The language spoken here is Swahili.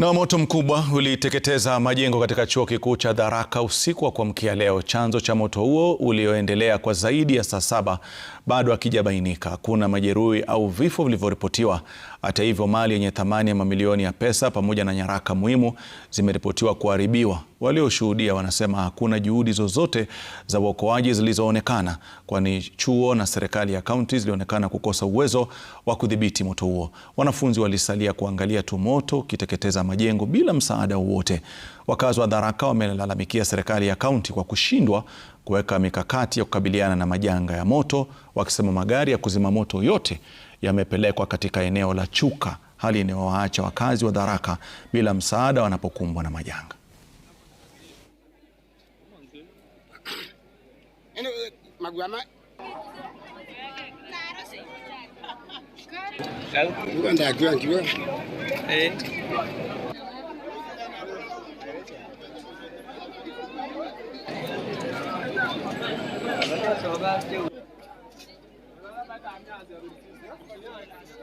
Na moto mkubwa uliteketeza majengo katika chuo kikuu cha Tharaka usiku wa kuamkia leo. Chanzo cha moto huo ulioendelea kwa zaidi ya saa saba bado hakijabainika. Hakuna majeruhi au vifo vilivyoripotiwa. Hata hivyo, mali yenye thamani ya mamilioni ya pesa pamoja na nyaraka muhimu zimeripotiwa kuharibiwa walioshuhudia wanasema hakuna juhudi zozote za uokoaji zilizoonekana, kwani chuo na serikali ya kaunti zilionekana kukosa uwezo wa kudhibiti moto huo. Wanafunzi walisalia kuangalia tu moto ukiteketeza majengo bila msaada wowote. Wakazi wa Tharaka wamelalamikia serikali ya kaunti kwa kushindwa kuweka mikakati ya kukabiliana na majanga ya moto, wakisema magari ya kuzima moto yote yamepelekwa katika eneo la Chuka, hali inayowaacha wakazi wa Tharaka bila msaada wanapokumbwa na majanga. magwama Uganda ajua njua eh Thank you.